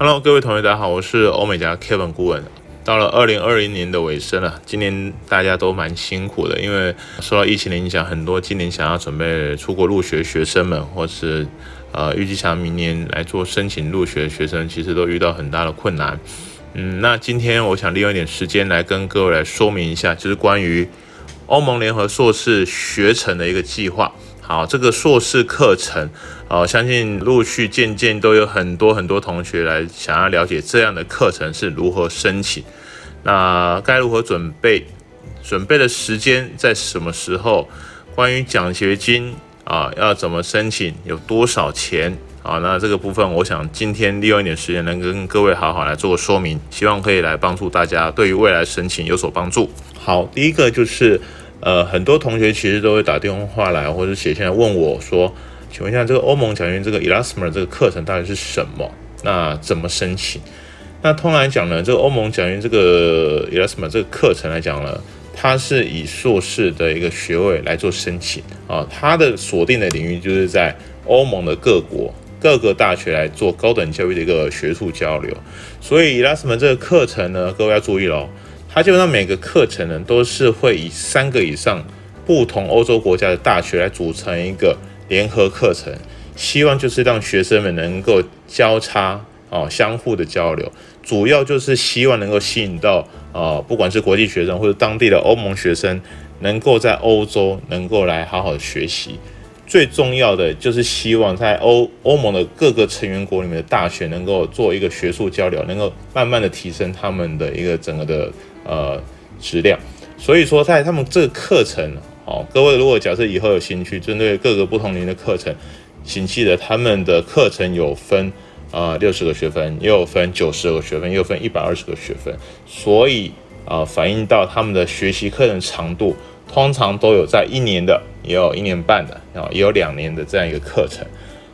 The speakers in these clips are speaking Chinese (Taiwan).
Hello，各位同學，大家好，我是歐美加 Kevin 顧問。到了二零二零年的尾聲了，今年大家都蠻辛苦的，因為受到疫情的影響，很多今年想要準備出國入學學生們，或是呃預計想明年來做申請入學的學生，其實都遇到很大的困難。嗯，那今天我想利用一點時間來跟各位來說明一下，就是關於歐盟聯合碩士學程的一個計劃。好，這個碩士課程，啊，相信陸續漸漸都有很多很多同學來想要了解這樣的課程是如何申請，那該如何準備，準備的時間在什麼時候，關於獎學金啊，要怎麼申請，有多少錢？好，那這個部分，我想今天利用一點時間，能跟各位好好來做個說明，希望可以來幫助大家對於未來申請有所幫助。好，第一個就是。呃，很多同學其實都會打電話來，或者寫信來問我說：“請問一下，這個歐盟獎學金這個 Erasmus 這個課程到底是什麼？那怎麼申請？”那通常來講呢，這個歐盟獎學金這個 Erasmus 這個課程來講呢，它是以碩士的一個學位來做申請啊。它的鎖定的領域就是在歐盟的各國各個大學來做高等教育的一個學術交流。所以 Erasmus 這個課程呢，各位要注意嘍。它基本上每個課程呢都是會以三個以上不同歐洲國家的大學來組成一個聯合課程，希望就是讓學生們能夠交叉、哦、相互的交流，主要就是希望能夠吸引到啊、呃、不管是國際學生或者當地的歐盟學生，能夠在歐洲能夠來好好學習。最重要的就是希望在歐歐盟的各個成員國裡面的大學能夠做一個學術交流，能夠慢慢的提升他們的一個整個的。呃，質量，所以說在他們這個課程，哦，各位如果假設以後有興趣，針對各個不同齡的課程，請記得他們的課程有分，呃，六十個學分，也有分九十個學分，也有分一百二十個學分，所以啊、呃，反映到他們的學習課程長度，通常都有在一年的，也有一年半的，也有兩年的這樣一個課程，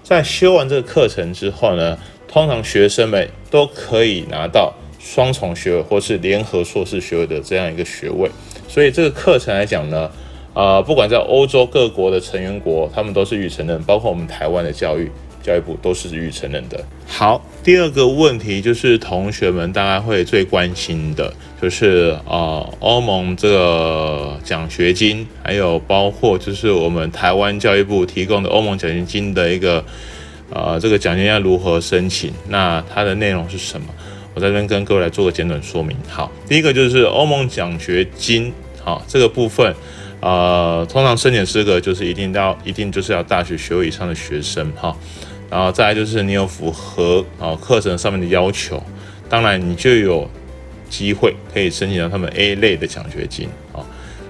在修完這個課程之後呢，通常學生們都可以拿到。雙重學位或是聯合碩士學位的這樣一個學位，所以這個課程來講呢，呃，不管在歐洲各國的成員國，他們都是予承認，包括我們台灣的教育教育部都是予承認的。好，第二個問題就是同學們大概會最關心的，就是呃，歐盟這個獎學金，還有包括就是我們台灣教育部提供的歐盟獎學金的一個呃，這個獎金要如何申請？那它的內容是什麼？我在這邊跟各位來做個簡短說明。好，第一個就是歐盟獎學金，好，這個部分，呃，通常申請資格就是一定到一定就是要大學學位以上的學生，哈，然後再來就是你有符合啊課程上面的要求，當然你就有機會可以申請到他們 A 類的獎學金，啊，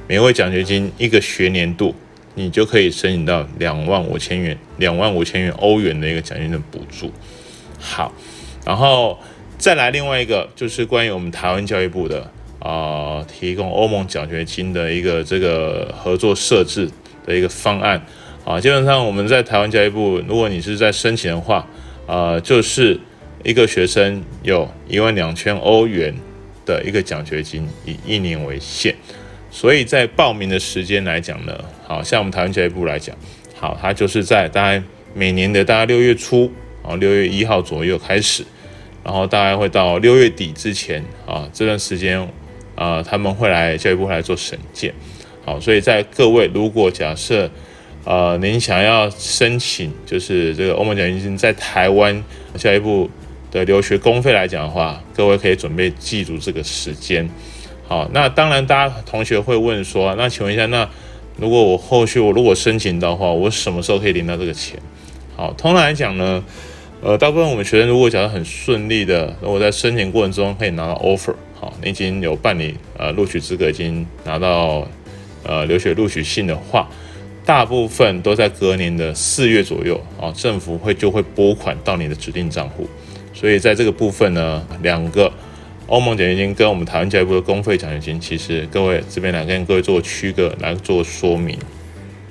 每位獎學金一個學年度你就可以申請到兩萬五千元，兩萬五千元歐元的一個獎學金的補助，好，然後。再來另外一個就是關於我們台灣教育部的啊、呃，提供歐盟獎學金的一個這個合作設置的一個方案啊，基本上我們在台灣教育部，如果你是在申請的話，呃，就是一個學生有一萬兩千歐元的一個獎學金，以一年為限，所以在報名的時間來講呢，好像我們台灣教育部來講，好，它就是在大概每年的大概六月初啊，六月一號左右開始。然後大概會到六月底之前啊，這段時間，啊、呃，他們會來教育部會來做審計。好，所以在各位如果假設，呃，您想要申請就是這個歐盟獎學金在臺灣教育部的留學公費來講的話，各位可以準備記住這個時間，好，那當然大家同學會問說，那請問一下，那如果我後續我如果申請到的話，我什麼時候可以領到這個錢？好，通常來講呢。呃，大部分我們學生如果講得很順利的，如果在申請過程中可以拿到 offer，好、哦，你已經有辦理呃錄取資格，已經拿到呃留學錄取信的話，大部分都在隔年的四月左右啊、哦，政府會就會撥款到你的指定賬戶所以在這個部分呢，兩個歐盟獎學金跟我們台灣教育部的公費獎學金，其實各位這邊來跟各位做區隔來做說明。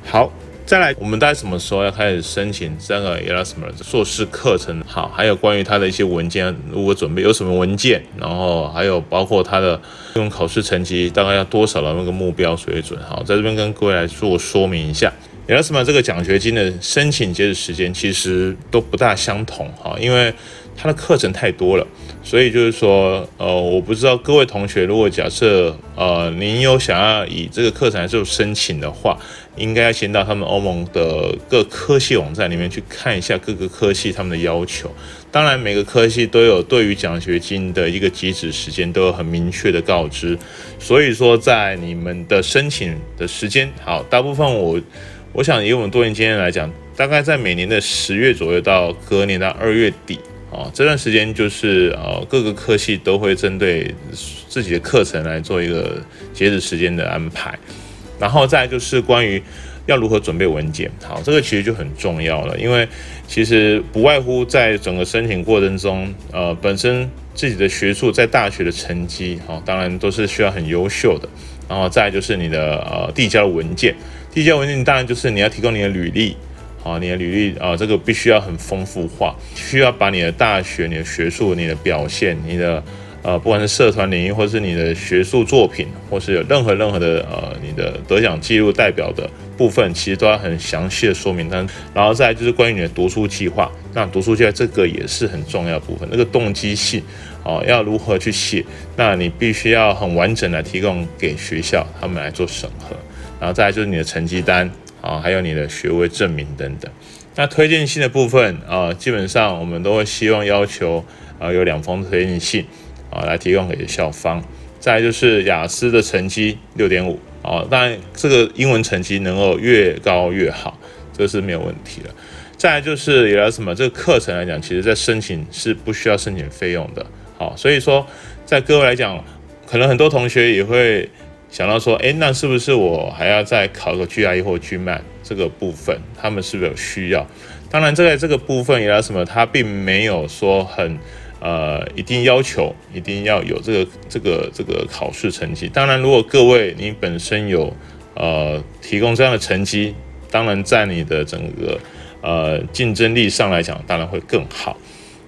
好。再來，我們大概什麼時候要開始申請這個 Erasmus 碩士課程？好，還有關於它的一些文件如何準備，有什麼文件？然後還有包括它的用考試成績大概要多少的那個目標水準？好，在這邊跟各位來做說明一下，Erasmus 這個獎學金的申請截止時間其實都不大相同，哈，因為。它的課程太多了，所以就是說，呃，我不知道各位同學，如果假設，呃，您有想要以這個課程來做申請的話，應該要先到他們歐盟的各科系網站裡面去看一下各個科系他們的要求。當然，每個科系都有對於獎學金的一個截止時間，都有很明確的告知。所以說，在你們的申請的時間，好，大部分我我想以我們多年經驗來講，大概在每年的十月左右到隔年到二月底。啊，這段時間就是呃，各個科系都會針對自己的課程來做一個截止時間的安排，然後再來就是關於要如何準備文件。好，這個其實就很重要了，因為其實不外乎在整個申請過程中，呃，本身自己的學術在大學的成績，好、哦，當然都是需要很優秀的。然後再來就是你的呃遞交文件，遞交文件當然就是你要提供你的履歷。啊，你的履歷啊，這個必須要很豐富化，需要把你的大學、你的學術、你的表現、你的呃，不管是社團領域，或是你的學術作品，或是有任何任何的呃，你的得獎記錄代表的部分，其實都要很詳細的說明但。然後再就是關於你的讀書計劃，那讀書計劃這個也是很重要的部分，那個動機性，啊，要如何去寫？那你必須要很完整的提供給學校他們來做審核。然後再就是你的成績單。啊，還有你的學位證明等等。那推薦信的部分啊，基本上我們都會希望要求啊有兩封推薦信啊來提供給校方。再來就是雅思的成績六點五啊，當然這個英文成績能夠越高越好，這個是沒有問題的。再來就是有什麼這個課程來講，其實在申請是不需要申請費用的。好，啊，所以說在各位來講，可能很多同學也會。想到說，誒，那是不是我還要再考個 GRE 或 GMAT 這個部分？他們是不是有需要？當然，這個這個部分也要什麼？他並沒有說很呃一定要求，一定要有這個這個這個考試成績。當然，如果各位你本身有呃提供這樣的成績，當然在你的整個呃競爭力上來講，當然會更好。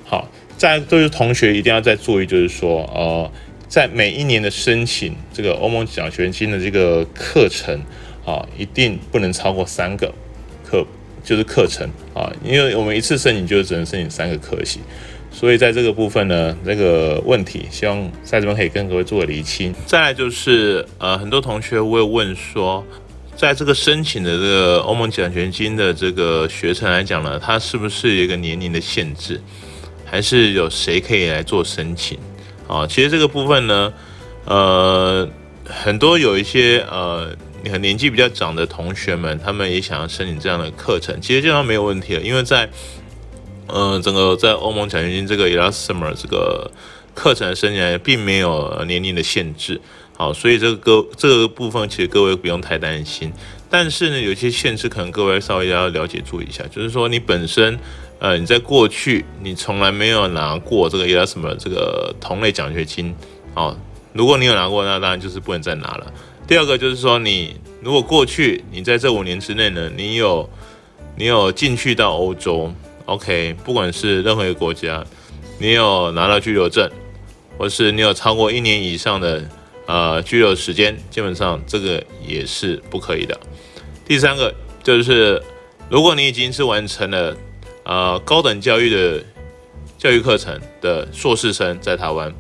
好，在就是同學一定要再注意，就是說，呃。在每一年的申請這個歐盟獎學金的這個課程啊，一定不能超過三個課，就是課程啊，因為我們一次申請就只能申請三個科系，所以在這個部分呢，這個問題希望在這邊可以跟各位做個釐清。再來就是呃，很多同學會問說，在這個申請的這個歐盟獎學金的這個學程來講呢，它是不是一個年齡的限制，還是有誰可以來做申請？啊，其實這個部分呢，呃，很多有一些呃，你看年紀比較長的同學們，他們也想要申請這樣的課程，其實這樣沒有問題的，因為在，呃，整個在歐盟獎學金這個 Erasmus 這個課程申請來並沒有年齡的限制。好，所以這個這個部分其實各位不用太擔心。但是呢，有些限制可能各位稍微要了解注意一下，就是說你本身。呃，你在過去你從來沒有拿過這個，Erasmus 這個同類獎學金哦。如果你有拿過，那當然就是不能再拿了。第二個就是說，你如果過去你在這五年之內呢，你有你有進去到歐洲，OK，不管是任何一個國家，你有拿到居留證，或是你有超過一年以上的呃居留時間，基本上這個也是不可以的。第三個就是，如果你已經是完成了。呃，高等教育的教育課程的碩士生在台灣，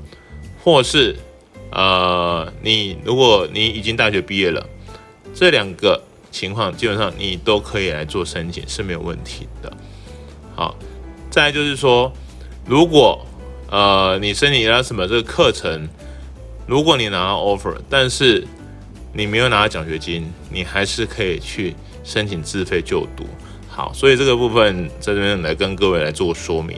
或是呃，你如果你已經大學畢業了，這兩個情況基本上你都可以來做申請，是沒有問題的。好，再就是說，如果呃你申請了什麼這個課程，如果你拿到 offer，但是你沒有拿到獎學金，你還是可以去申請自費就讀。好，所以這個部分在這邊來跟各位來做說明。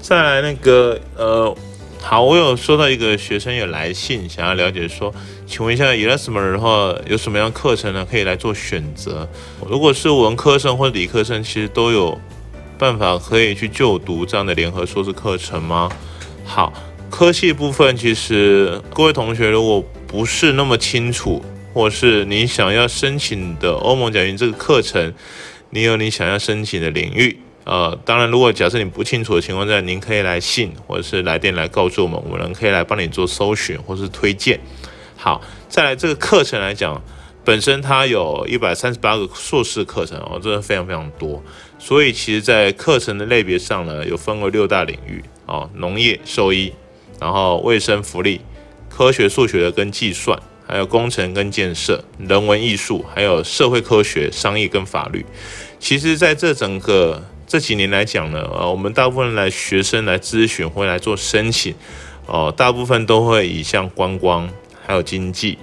再來那個呃，好，我有收到一個學生有來信，想要了解說，請問一下 Erasmus 的話有什麼樣的課程呢？可以來做選擇。如果是文科生或理科生，其實都有辦法可以去就讀這樣的聯合碩士課程嗎？好，科系部分其實各位同學如果不是那麼清楚，或是你想要申請的歐盟講義這個課程，你有你想要申請的領域呃，當然，如果假設你不清楚的情況下，您可以來信或者是來電來告訴我們，我們可以來幫你做搜尋或是推薦。好，再來這個課程來講，本身它有一百三十八個碩士課程哦，真的非常非常多。所以其實在課程的類別上呢，有分為六大領域啊、哦：農業、獸醫，然後衛生福利、科學、數學的跟計算。還有工程跟建設、人文藝術、還有社會科學、商業跟法律。其實，在這整個這幾年來講呢，呃，我們大部分來學生來諮詢或來做申請，哦、呃，大部分都會以像觀光、還有經濟、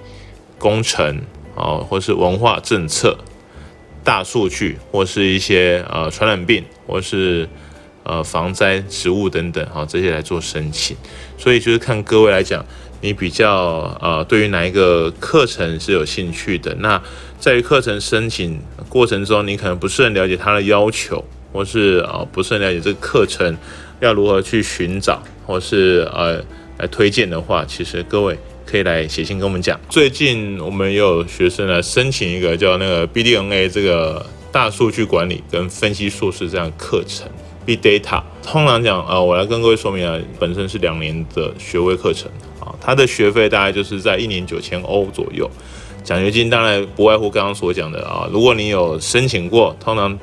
工程，哦、呃，或是文化政策、大數據，或是一些呃傳染病，或是呃防災、植物等等，哈、呃，這些來做申請。所以，就是看各位來講。你比較呃，對於哪一個課程是有興趣的？那在於課程申請過程中，你可能不是很了解它的要求，或是啊、呃、不是很了解這個課程要如何去尋找，或是呃，來推薦的話，其實各位可以來寫信跟我們講。最近我們也有學生來申請一個叫那個 B D M A 這個大數據管理跟分析碩士這樣課程，B Data。通常講啊、呃，我來跟各位說明啊，本身是兩年的學位課程。他的學費大概就是在一年九千歐左右，獎學金當然不外乎剛剛所講的啊。如果你有申請過，通常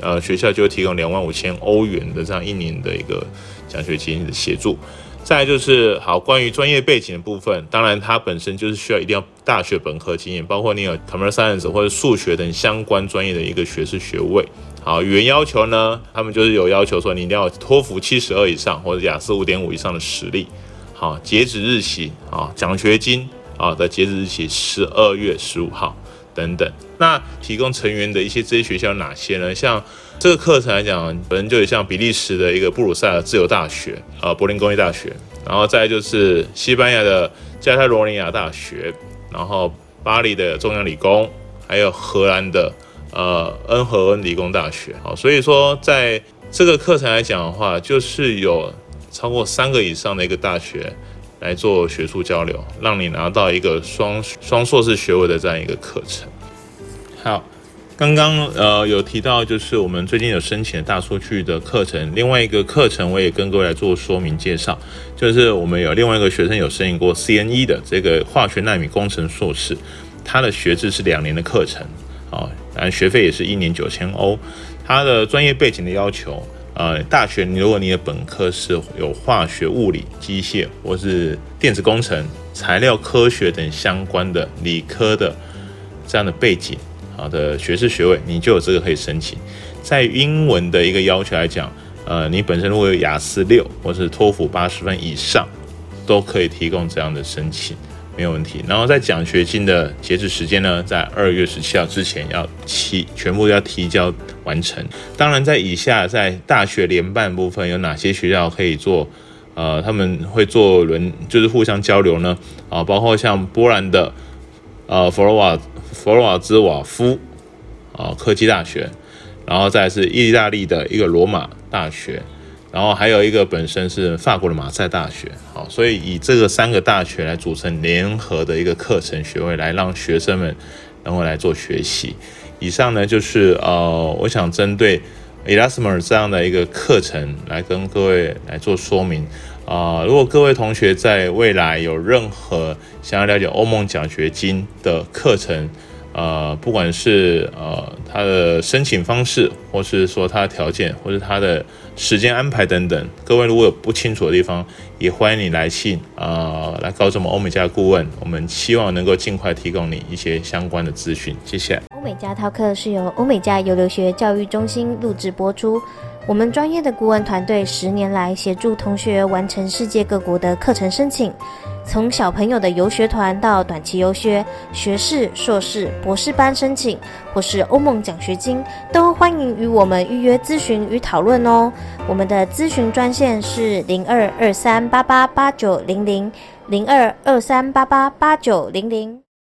呃學校就會提供兩萬五千歐元的這樣一年的一個獎學金的協助。再來就是好，關於專業背景的部分，當然它本身就是需要一定要大學本科經驗，包括你有 commerce science 或者數學等相關專業的一個學士學位。好，語言要求呢，他們就是有要求說你一定要托福七十二以上，或者雅思五點五以上的實力。好，截止日期啊，獎學金啊的截止日期十二月十五號等等。那提供成員的一些這些學校有哪些呢？像這個課程來講，本身就有像比利時的一個布魯塞爾自由大學啊，柏林工業大學，然後再就是西班牙的加泰羅尼亞大學，然後巴黎的中央理工，還有荷蘭的呃恩荷恩理工大學。好，所以說在這個課程來講的話，就是有。超過三個以上的一個大學來做學術交流，讓你拿到一個雙雙碩士學位的這樣一個課程。好，剛剛呃有提到就是我們最近有申請的大數據的課程，另外一個課程我也跟各位來做說明介紹，就是我們有另外一個學生有申請過 CNE 的這個化學納米工程碩士，他的學制是兩年的課程，啊、哦，然後學費也是一年九千歐，他的專業背景的要求。呃，大學，你如果你的本科是有化學、物理、機械或是電子工程、材料科學等相關的理科的這樣的背景，好的學士學位，你就有這個可以申請。在英文的一個要求來講，呃，你本身如果有雅思六或是托福八十分以上，都可以提供這樣的申請。沒有問題。然後在獎學金的截止時間呢，在二月十七號之前要提，全部要提交完成。當然，在以下在大學聯辦部分有哪些學校可以做？呃，他們會做輪，就是互相交流呢。啊，包括像波蘭的呃、啊、弗洛瓦弗洛瓦茲瓦夫啊科技大學，然後再是意大利的一個羅馬大學。然後還有一個本身是法國的馬賽大學，好，所以以這個三個大學來組成聯合的一個課程學位，來讓學生們能夠來做學習。以上呢就是呃，我想針對 Erasmus 這樣的一個課程來跟各位來做說明啊、呃。如果各位同學在未來有任何想要了解歐盟獎學金的課程，呃，不管是呃他的申請方式，或是說他的條件，或是他的時間安排等等，各位如果有不清楚的地方，也歡迎你來信，呃，來告訴我們歐美加顧問，我們希望能夠盡快提供你一些相關的資訊。謝謝。歐美加 Talk 是由歐美加遊留學教育中心錄製播出，我們專業的顧問團隊十年來協助同學完成世界各國的課程申請。從小朋友的遊學團到短期遊學、學士、碩士、博士班申請，或是歐盟獎學金，都歡迎與我們預約諮詢與討論哦。我們的諮詢專線是零二二三八八八九零零，零二二三八八八九零零。